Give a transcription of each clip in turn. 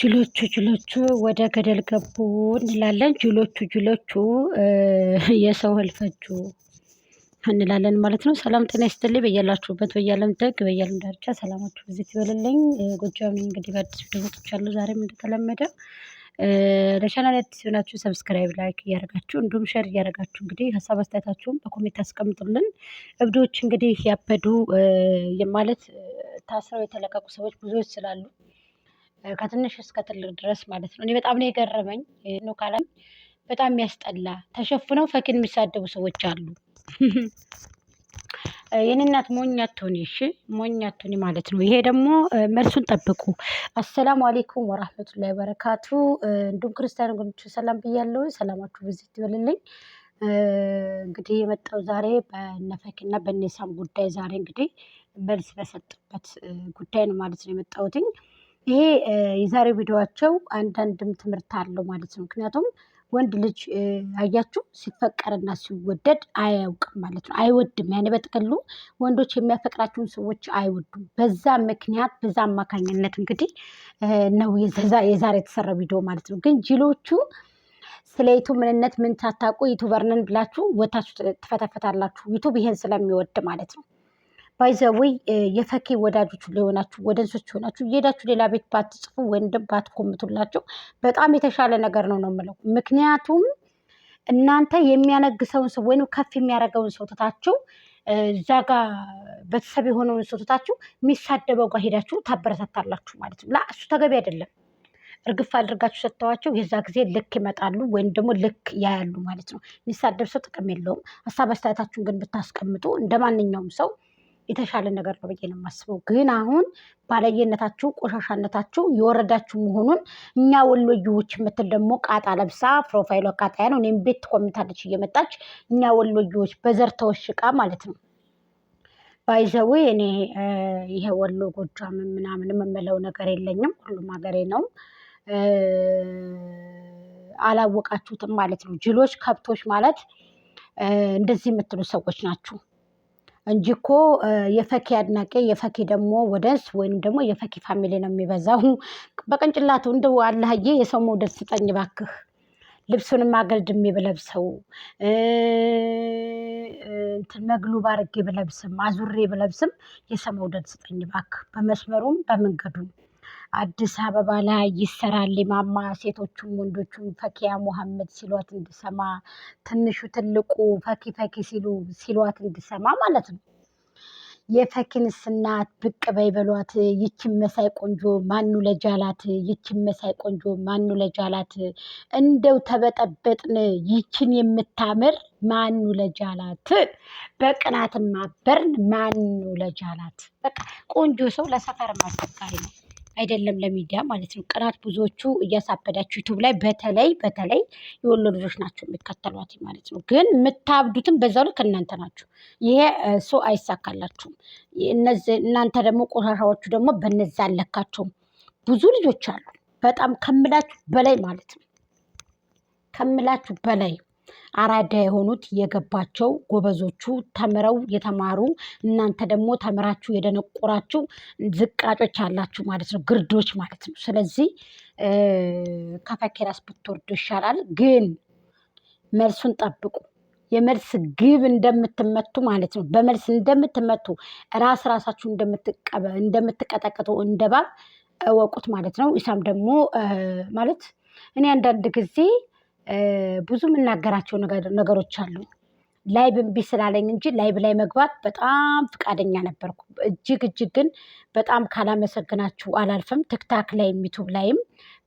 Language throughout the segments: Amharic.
ጅሎቹ ጅሎቹ ወደ ገደል ገቡ እንላለን። ጅሎቹ ጅሎቹ የሰው ህልፈቹ እንላለን ማለት ነው። ሰላም ጤና ይስጥልኝ በያላችሁበት በያለም ደግ በያለም ዳርቻ ሰላማችሁ ብዙ ይበልልኝ። ጎጃም እንግዲህ በአዲስ ቪዲዮዎች አሉ። ዛሬም እንደተለመደ ለቻናል አዲስ ሲሆናችሁ ሰብስክራይብ፣ ላይክ እያደረጋችሁ እንዲሁም ሸር እያደረጋችሁ እንግዲህ ሀሳብ አስተያየታችሁን በኮሜንት አስቀምጡልን። እብዶች እንግዲህ ያበዱ ማለት ታስረው የተለቀቁ ሰዎች ብዙዎች ስላሉ ከትንሽ እስከ ትልቅ ድረስ ማለት ነው። እኔ በጣም ነው የገረመኝ ነው ካላኝ በጣም የሚያስጠላ ተሸፍነው ፈኪን የሚሳደቡ ሰዎች አሉ። የኔ እናት ሞኝ አትሆኒ፣ እሺ ሞኝ አትሆኒ ማለት ነው። ይሄ ደግሞ መልሱን ጠብቁ። አሰላሙ አሌይኩም ወራህመቱላሂ ወበረካቱ። እንዲሁም ክርስቲያን ወገኖች ሰላም ብያለሁ። ሰላማችሁ ብዙ ይበልልኝ። እንግዲህ የመጣው ዛሬ በነፈኪና በኔሳም ጉዳይ ዛሬ እንግዲህ መልስ በሰጥበት ጉዳይ ነው ማለት ነው የመጣሁትኝ ይሄ የዛሬው ቪዲዮቸው አንዳንድም ትምህርት አለው ማለት ነው። ምክንያቱም ወንድ ልጅ አያችሁ ሲፈቀርና ሲወደድ አያውቅም ማለት ነው። አይወድም። ያኔ በጥቅሉ ወንዶች የሚያፈቅራቸውን ሰዎች አይወዱም። በዛ ምክንያት በዛ አማካኝነት እንግዲህ ነው የዛሬ የተሰራ ቪዲዮ ማለት ነው። ግን ጅሎቹ ስለ ዩቱብ ምንነት ምን ታታቁ ዩቱበርንን ብላችሁ ወታችሁ ትፈተፈታላችሁ። ዩቱብ ይሄን ስለሚወድ ማለት ነው። ባይዘወይ eh, የፈኪ ወዳጆች ሊሆናችሁ ወደንሶች ሆናችሁ እየሄዳችሁ ሌላ ቤት ባትጽፉ ወይም ባትኮምቱላቸው በጣም የተሻለ ነገር ነው ነው የምለው። ምክንያቱም እናንተ የሚያነግሰውን ሰው ወይም ከፍ የሚያደርገውን ሰው ትታችሁ እዛ ጋ ቤተሰብ የሆነውን ሰው ትታችሁ የሚሳደበው ጋር ሄዳችሁ ታበረታታላችሁ ማለት ነው። ላ እሱ ተገቢ አይደለም። እርግፍ አድርጋችሁ ሰጥተዋቸው የዛ ጊዜ ልክ ይመጣሉ ወይም ደግሞ ልክ ያያሉ ማለት ነው። የሚሳደብ ሰው ጥቅም የለውም። ሀሳብ አስተያየታችሁን ግን ብታስቀምጡ እንደ ማንኛውም ሰው የተሻለ ነገር ነው ብዬ ነው የማስበው። ግን አሁን ባለየነታችሁ፣ ቆሻሻነታችሁ የወረዳችሁ መሆኑን እኛ ወሎዬዎች የምትል ደግሞ ቃጣ ለብሳ ፕሮፋይሏ ቃጣ ነው እኔም ቤት ቆምታለች እየመጣች እኛ ወሎዬዎች በዘር ተወሽቃ ማለት ነው። ባይዘዊ እኔ ይሄ ወሎ ጎጃም ምናምን የምመለው ነገር የለኝም። ሁሉም ሀገሬ ነው። አላወቃችሁትም ማለት ነው። ጅሎች ከብቶች ማለት እንደዚህ የምትሉ ሰዎች ናችሁ። እንጂ እኮ የፈኪ አድናቂ የፈኪ ደግሞ ወደስ ወይም ደግሞ የፈኪ ፋሚሊ ነው የሚበዛው። በቅንጭላቱ እንደ አላህዬ የሰው መውደድ ስጠኝ ባክህ። ልብሱንም አገልድሜ ብለብሰው እንትን መግሉብ አድርጌ ብለብስም አዙሬ ብለብስም የሰው መውደድ ስጠኝ ባክህ፣ በመስመሩም በመንገዱም አዲስ አበባ ላይ ይሰራል ማማ ሴቶቹም ወንዶቹም ፈኪያ ሙሐመድ ሲሏት እንድሰማ ትንሹ ትልቁ ፈኪ ፈኪ ሲሉ ሲሏት እንድሰማ ማለት ነው። የፈኪንስ እናት ብቅ በይ በሏት፣ ይችን መሳይ ቆንጆ ማኑ ለጃላት፣ ይችን መሳይ ቆንጆ ማኑ ለጃላት፣ እንደው ተበጠበጥን ይችን የምታምር ማኑ ለጃላት፣ በቅናት ማበርን ማኑ ለጃላት። በቃ ቆንጆ ሰው ለሰፈር አስቸጋሪ ነው። አይደለም ለሚዲያ ማለት ነው። ቅናት ብዙዎቹ እያሳበዳችሁ ዩቱብ ላይ በተለይ በተለይ የወሎ ልጆች ናቸው የምትከተሏት ማለት ነው። ግን የምታብዱትም በዛው ልክ እናንተ ናችሁ። ይሄ ሶ አይሳካላችሁም። እናንተ ደግሞ ቆሻሻዎቹ ደግሞ በነዛ አለካቸውም። ብዙ ልጆች አሉ፣ በጣም ከምላችሁ በላይ ማለት ነው። ከምላችሁ በላይ አራዳ የሆኑት የገባቸው ጎበዞቹ ተምረው የተማሩ እናንተ ደግሞ ተምራችሁ የደነቆራችሁ ዝቃጮች አላችሁ ማለት ነው፣ ግርዶች ማለት ነው። ስለዚህ ከፈኬራስ ብትወርዱ ይሻላል። ግን መልሱን ጠብቁ። የመልስ ግብ እንደምትመቱ ማለት ነው። በመልስ እንደምትመቱ ራስ ራሳችሁ እንደምትቀጠቅጡ እንደባብ እወቁት ማለት ነው። ኢሳም ደግሞ ማለት እኔ አንዳንድ ጊዜ ብዙ የምናገራቸው ነገሮች አሉ። ላይ ብንቢ ስላለኝ እንጂ ላይቭ ላይ መግባት በጣም ፍቃደኛ ነበርኩ። እጅግ እጅግ ግን በጣም ካላመሰግናችሁ አላልፍም። ትክታክ ላይ ዩቱብ ላይም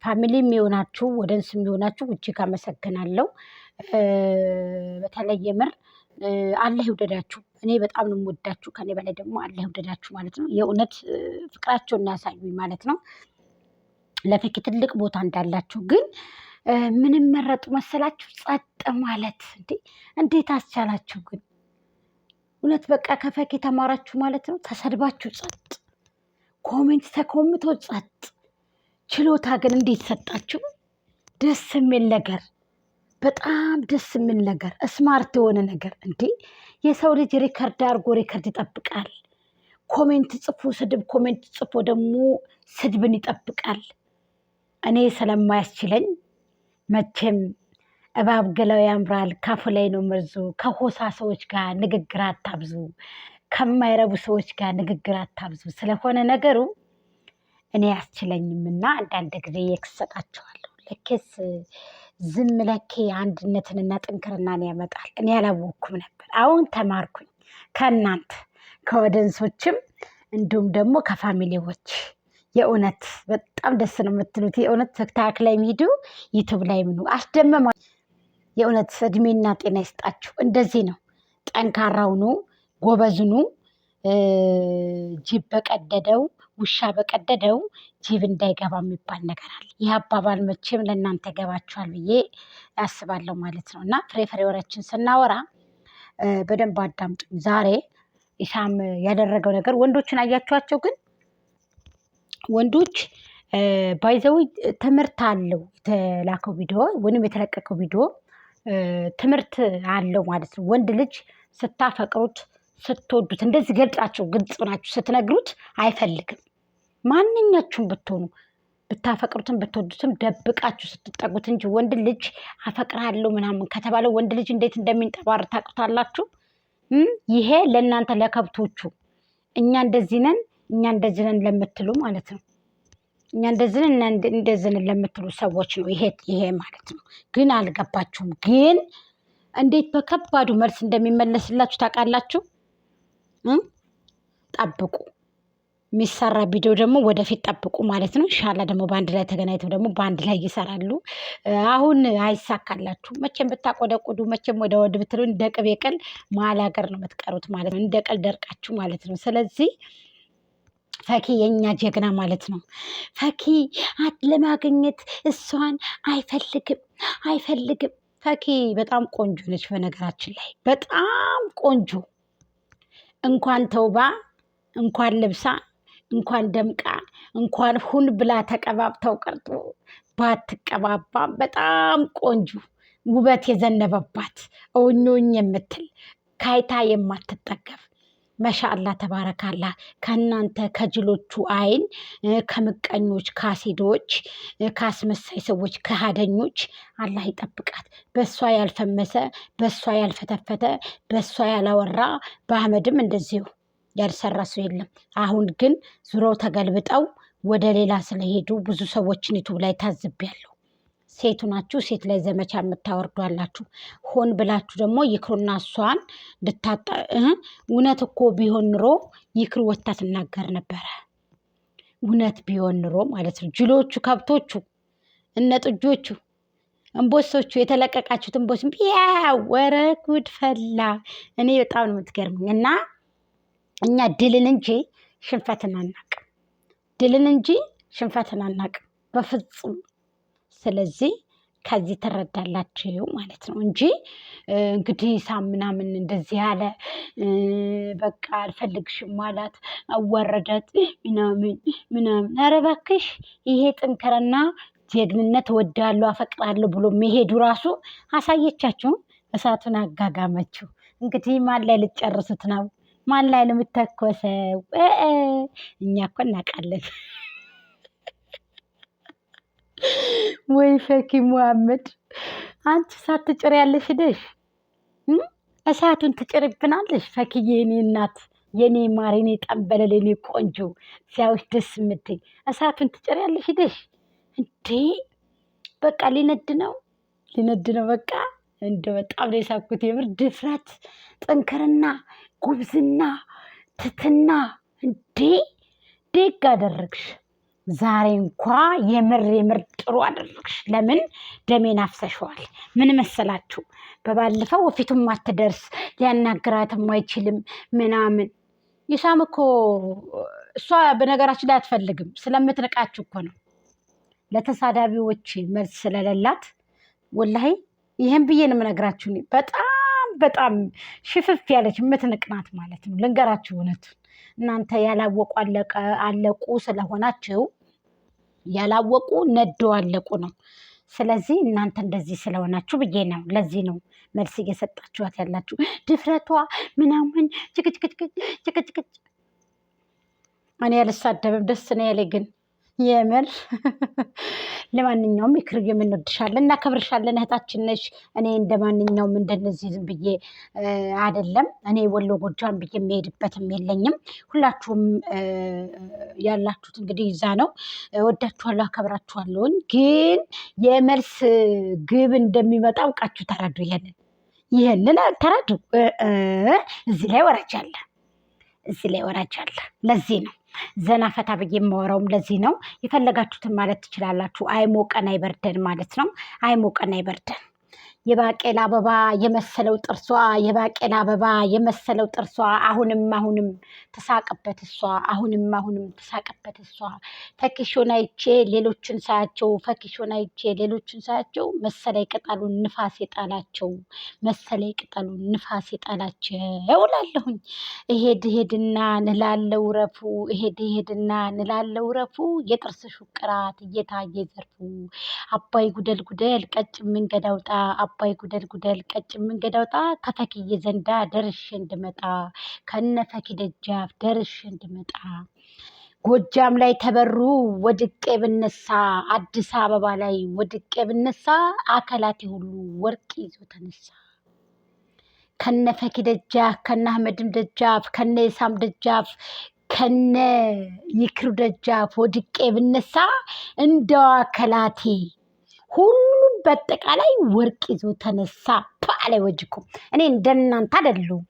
ፋሚሊ የሚሆናችሁ ወደንስ የሚሆናችሁ እጅግ አመሰግናለሁ። በተለየ ምር አላህ ይውደዳችሁ። እኔ በጣም ነው የምወዳችሁ። ከኔ በላይ ደግሞ አላህ ይውደዳችሁ ማለት ነው። የእውነት ፍቅራቸውን ያሳዩኝ ማለት ነው። ለፈኪ ትልቅ ቦታ እንዳላችሁ ግን ምንም መረጡ መሰላችሁ? ጸጥ ማለት እንዴ! እንዴት አስቻላችሁ ግን? እውነት በቃ ከፈክ የተማራችሁ ማለት ነው። ተሰድባችሁ ጸጥ፣ ኮሜንት ተኮምቶ ጸጥ። ችሎታ ግን እንዴት ሰጣችሁ? ደስ የሚል ነገር በጣም ደስ የሚል ነገር ስማርት የሆነ ነገር እንዴ! የሰው ልጅ ሪከርድ አድርጎ ሪከርድ ይጠብቃል። ኮሜንት ጽፎ ስድብ፣ ኮሜንት ጽፎ ደግሞ ስድብን ይጠብቃል። እኔ ስለማያስችለኝ መቼም እባብ ገላው ያምራል፣ ካፉ ላይ ነው መርዙ። ከሆሳ ሰዎች ጋር ንግግር አታብዙ፣ ከማይረቡ ሰዎች ጋር ንግግር አታብዙ። ስለሆነ ነገሩ እኔ ያስችለኝም እና አንዳንድ ጊዜ የክሰጣቸዋለሁ። ለኬስ ዝም ለኬ አንድነትንና ጥንክርናን ያመጣል። እኔ ያላወኩም ነበር፣ አሁን ተማርኩኝ ከእናንተ ከወደንሶችም እንዲሁም ደግሞ ከፋሚሊዎች የእውነት በጣም ደስ ነው የምትሉት። የእውነት ተክታክ ላይ ሂዱ፣ ዩቱብ ላይ ምኑ አስደመማ። የእውነት እድሜና ጤና ይስጣችሁ። እንደዚህ ነው ጠንካራውኑ ጎበዝኑ። ጅብ በቀደደው ውሻ በቀደደው ጅብ እንዳይገባ የሚባል ነገር አለ። ይህ አባባል መቼም ለእናንተ ገባችኋል ብዬ ያስባለሁ ማለት ነው። እና ፍሬ ፍሬ ወሬያችን ስናወራ በደንብ አዳምጡ። ዛሬ ኢሳም ያደረገው ነገር ወንዶችን አያችኋቸው ግን ወንዶች ባይዘዊ ትምህርት አለው የተላከው ቪዲዮ ወይም የተለቀቀው ቪዲዮ ትምህርት አለው ማለት ነው። ወንድ ልጅ ስታፈቅሩት ስትወዱት እንደዚህ ገልጻችሁ ግልጽ ናችሁ ስትነግሩት አይፈልግም። ማንኛችሁም ብትሆኑ ብታፈቅሩትም ብትወዱትም ደብቃችሁ ስትጠጉት እንጂ ወንድ ልጅ አፈቅራለሁ ምናምን ከተባለ ወንድ ልጅ እንዴት እንደሚንጠባር ታውቁታላችሁ። ይሄ ለእናንተ ለከብቶቹ እኛ እንደዚህ ነን እኛ እንደዚህ ነን ለምትሉ ማለት ነው እኛ እንደዚህ ነን እንደዚህ ነን ለምትሉ ሰዎች ነው ይሄ ይሄ ማለት ነው። ግን አልገባችሁም። ግን እንዴት በከባዱ መልስ እንደሚመለስላችሁ ታውቃላችሁ። ጠብቁ። የሚሰራ ቪዲዮ ደግሞ ወደፊት ጠብቁ ማለት ነው። ኢንሻላ ደግሞ በአንድ ላይ ተገናኝተው ደግሞ በአንድ ላይ ይሰራሉ። አሁን አይሳካላችሁ። መቼም ብታቆደቁዱ መቼም ወደ ወድ ብትሉ እንደ ቅቤ ቅል መሀል ሀገር ነው የምትቀሩት ማለት ነው። እንደ ቅል ደርቃችሁ ማለት ነው። ስለዚህ ፈኪ የኛ ጀግና ማለት ነው። ፈኪ ለማግኘት እሷን አይፈልግም አይፈልግም። ፈኪ በጣም ቆንጆ ነች። በነገራችን ላይ በጣም ቆንጆ እንኳን ተውባ እንኳን ልብሳ እንኳን ደምቃ እንኳን ሁን ብላ ተቀባብተው ቀርጦ ባትቀባባም በጣም ቆንጆ ውበት የዘነበባት እውኞኝ የምትል ካይታ የማትጠገብ መሻአላ ተባረካላ ከእናንተ ከጅሎቹ አይን ከምቀኞች፣ ከአሲዶች፣ ከአስመሳይ ሰዎች፣ ከሃደኞች አላህ ይጠብቃት። በእሷ ያልፈመሰ በእሷ ያልፈተፈተ በእሷ ያላወራ በአህመድም እንደዚሁ ያልሰራ ሰው የለም። አሁን ግን ዙረው ተገልብጠው ወደ ሌላ ስለሄዱ ብዙ ሰዎችን ዩቱብ ላይ ታዝቤያለሁ። ሴቱ ናችሁ፣ ሴት ላይ ዘመቻ የምታወርዷላችሁ። ሆን ብላችሁ ደግሞ ይክሩና እሷን እንድታጣ። እውነት እኮ ቢሆን ኑሮ ይክሩ ወታ ትናገር ነበረ። እውነት ቢሆን ኑሮ ማለት ነው። ጅሎቹ፣ ከብቶቹ፣ እነ ጥጆቹ፣ እንቦሶቹ የተለቀቃችሁት እንቦስ ያ ወረ ጉድ ፈላ። እኔ በጣም ነው የምትገርምኝ። እና እኛ ድልን እንጂ ሽንፈትን አናቅም። ድልን እንጂ ሽንፈትን አናቅም በፍጹም። ስለዚህ ከዚህ ትረዳላችሁ ማለት ነው እንጂ እንግዲህ ሳምናምን እንደዚህ ያለ በቃ አልፈልግሽም አላት፣ አዋረዳት ምናምን ምናምን። ኧረ እባክሽ ይሄ ጥንክርና ጀግንነት ወዳለሁ አፈቅራለሁ ብሎ መሄዱ ራሱ አሳየቻችሁ። እሳቱን አጋጋመችው። እንግዲህ ማን ላይ ልትጨርሱት ነው? ማን ላይ ነው የምትተኮሰው? እኛ እኮ እናውቃለን። ወይ ሸኪ ሙሐመድ አንቺ ትጭር ያለሽ ደሽ እሳቱን ትጭርብናለሽ። ፈክዬ የኔ እናት፣ የኔ ማር፣ የኔ ጠንበለል፣ የኔ ቆንጆ ሲያዩሽ ደስ የምትይ እሳቱን ትጭር ያለሽ ደሽ እንዴ! በቃ ሊነድ ነው ሊነድ ነው። በቃ እንደ በጣም ነው የሳኩት። የምር ድፍረት፣ ጥንክርና፣ ጉብዝና፣ ትትና እንዴ! ደግ አደረግሽ። ዛሬ እንኳ የምር የምር ጥሩ አደረግሽ። ለምን ደሜን አፍሰሸዋል። ምን መሰላችሁ? በባለፈው ፊቱም አትደርስ ሊያናግራትም አይችልም ምናምን ይሳም እኮ እሷ በነገራችን ላይ አትፈልግም ስለምትንቃችሁ እኮ ነው። ለተሳዳቢዎች መልስ ስለሌላት ወላሂ ይህን ብዬ ነው የምነግራችሁ። በጣም በጣም ሽፍፍ ያለች የምትንቅናት ማለት ነው። ልንገራችሁ እውነቱ እናንተ ያላወቁ አለቀ አለቁ ስለሆናችሁ ያላወቁ ነደው አለቁ ነው። ስለዚህ እናንተ እንደዚህ ስለሆናችሁ ብዬ ነው። ለዚህ ነው መልስ እየሰጣችኋት ያላችሁ ድፍረቷ ምናምን ጭቅጭቅጭቅጭቅጭቅጭ። እኔ አልሳደብም፣ ደስ ነው ያለኝ ግን የምር ለማንኛውም ይክርም እንወድሻለን እናከብርሻለን። እህታችን ነሽ። እኔ እንደ ማንኛውም እንደነዚህ ዝም ብዬ አይደለም። እኔ ወሎ ጎጃም ብዬ የሚሄድበትም የለኝም። ሁላችሁም ያላችሁት እንግዲህ ይዛ ነው። ወዳችኋለሁ፣ አከብራችኋለሁኝ። ግን የመልስ ግብ እንደሚመጣ አውቃችሁ ተረዱ። ይሄንን ይሄንን ተረዱ። እዚህ ላይ ወራጅ አለ፣ እዚህ ላይ ወራጅ አለ። ለዚህ ነው ዘና ፈታ ብዬ የማወራውም ለዚህ ነው። የፈለጋችሁትን ማለት ትችላላችሁ። አይሞቀን አይበርደን ማለት ነው። አይሞቀን አይበርደን። የባቄላ አበባ የመሰለው ጥርሷ የባቄላ አበባ የመሰለው ጥርሷ አሁንም አሁንም ተሳቀበት እሷ አሁንም አሁንም ተሳቀበት እሷ ፈኪሾን አይቼ ሌሎችን ሳያቸው ፈኪሾን አይቼ ሌሎችን ሳያቸው መሰለይ ቅጠሉን ንፋስ የጣላቸው መሰለይ ቅጠሉን ንፋስ የጣላቸው እውላለሁኝ። እሄድ እሄድና ንላለው ረፉ እሄድ እሄድና ንላለው ረፉ የጥርስ ሹቅራት እየታየ ዘርፉ አባይ ጉደል ጉደል ቀጭን መንገድ አውጣ አባይ ጉደል ጉደል ቀጭን መንገድ አውጣ ከፈኪዬ ዘንዳ ደርሼ እንድመጣ ከነ ፈኪ ደጃፍ ደርሼ እንድመጣ ጎጃም ላይ ተበሩ ወድቄ ብነሳ አዲስ አበባ ላይ ወድቄ ብነሳ አካላቴ ሁሉ ወርቅ ይዞ ተነሳ። ከነ ፈኪ ደጃፍ ከነ አህመድም ደጃፍ ከነ የሳም ደጃፍ ከነ ይክሩ ደጃፍ ወድቄ ብነሳ እንደዋ ከላቴ ሁሉ በአጠቃላይ ወርቅ ይዞ ተነሳ። ላይ ወጅኩ እኔ እንደናንተ አይደለሁም።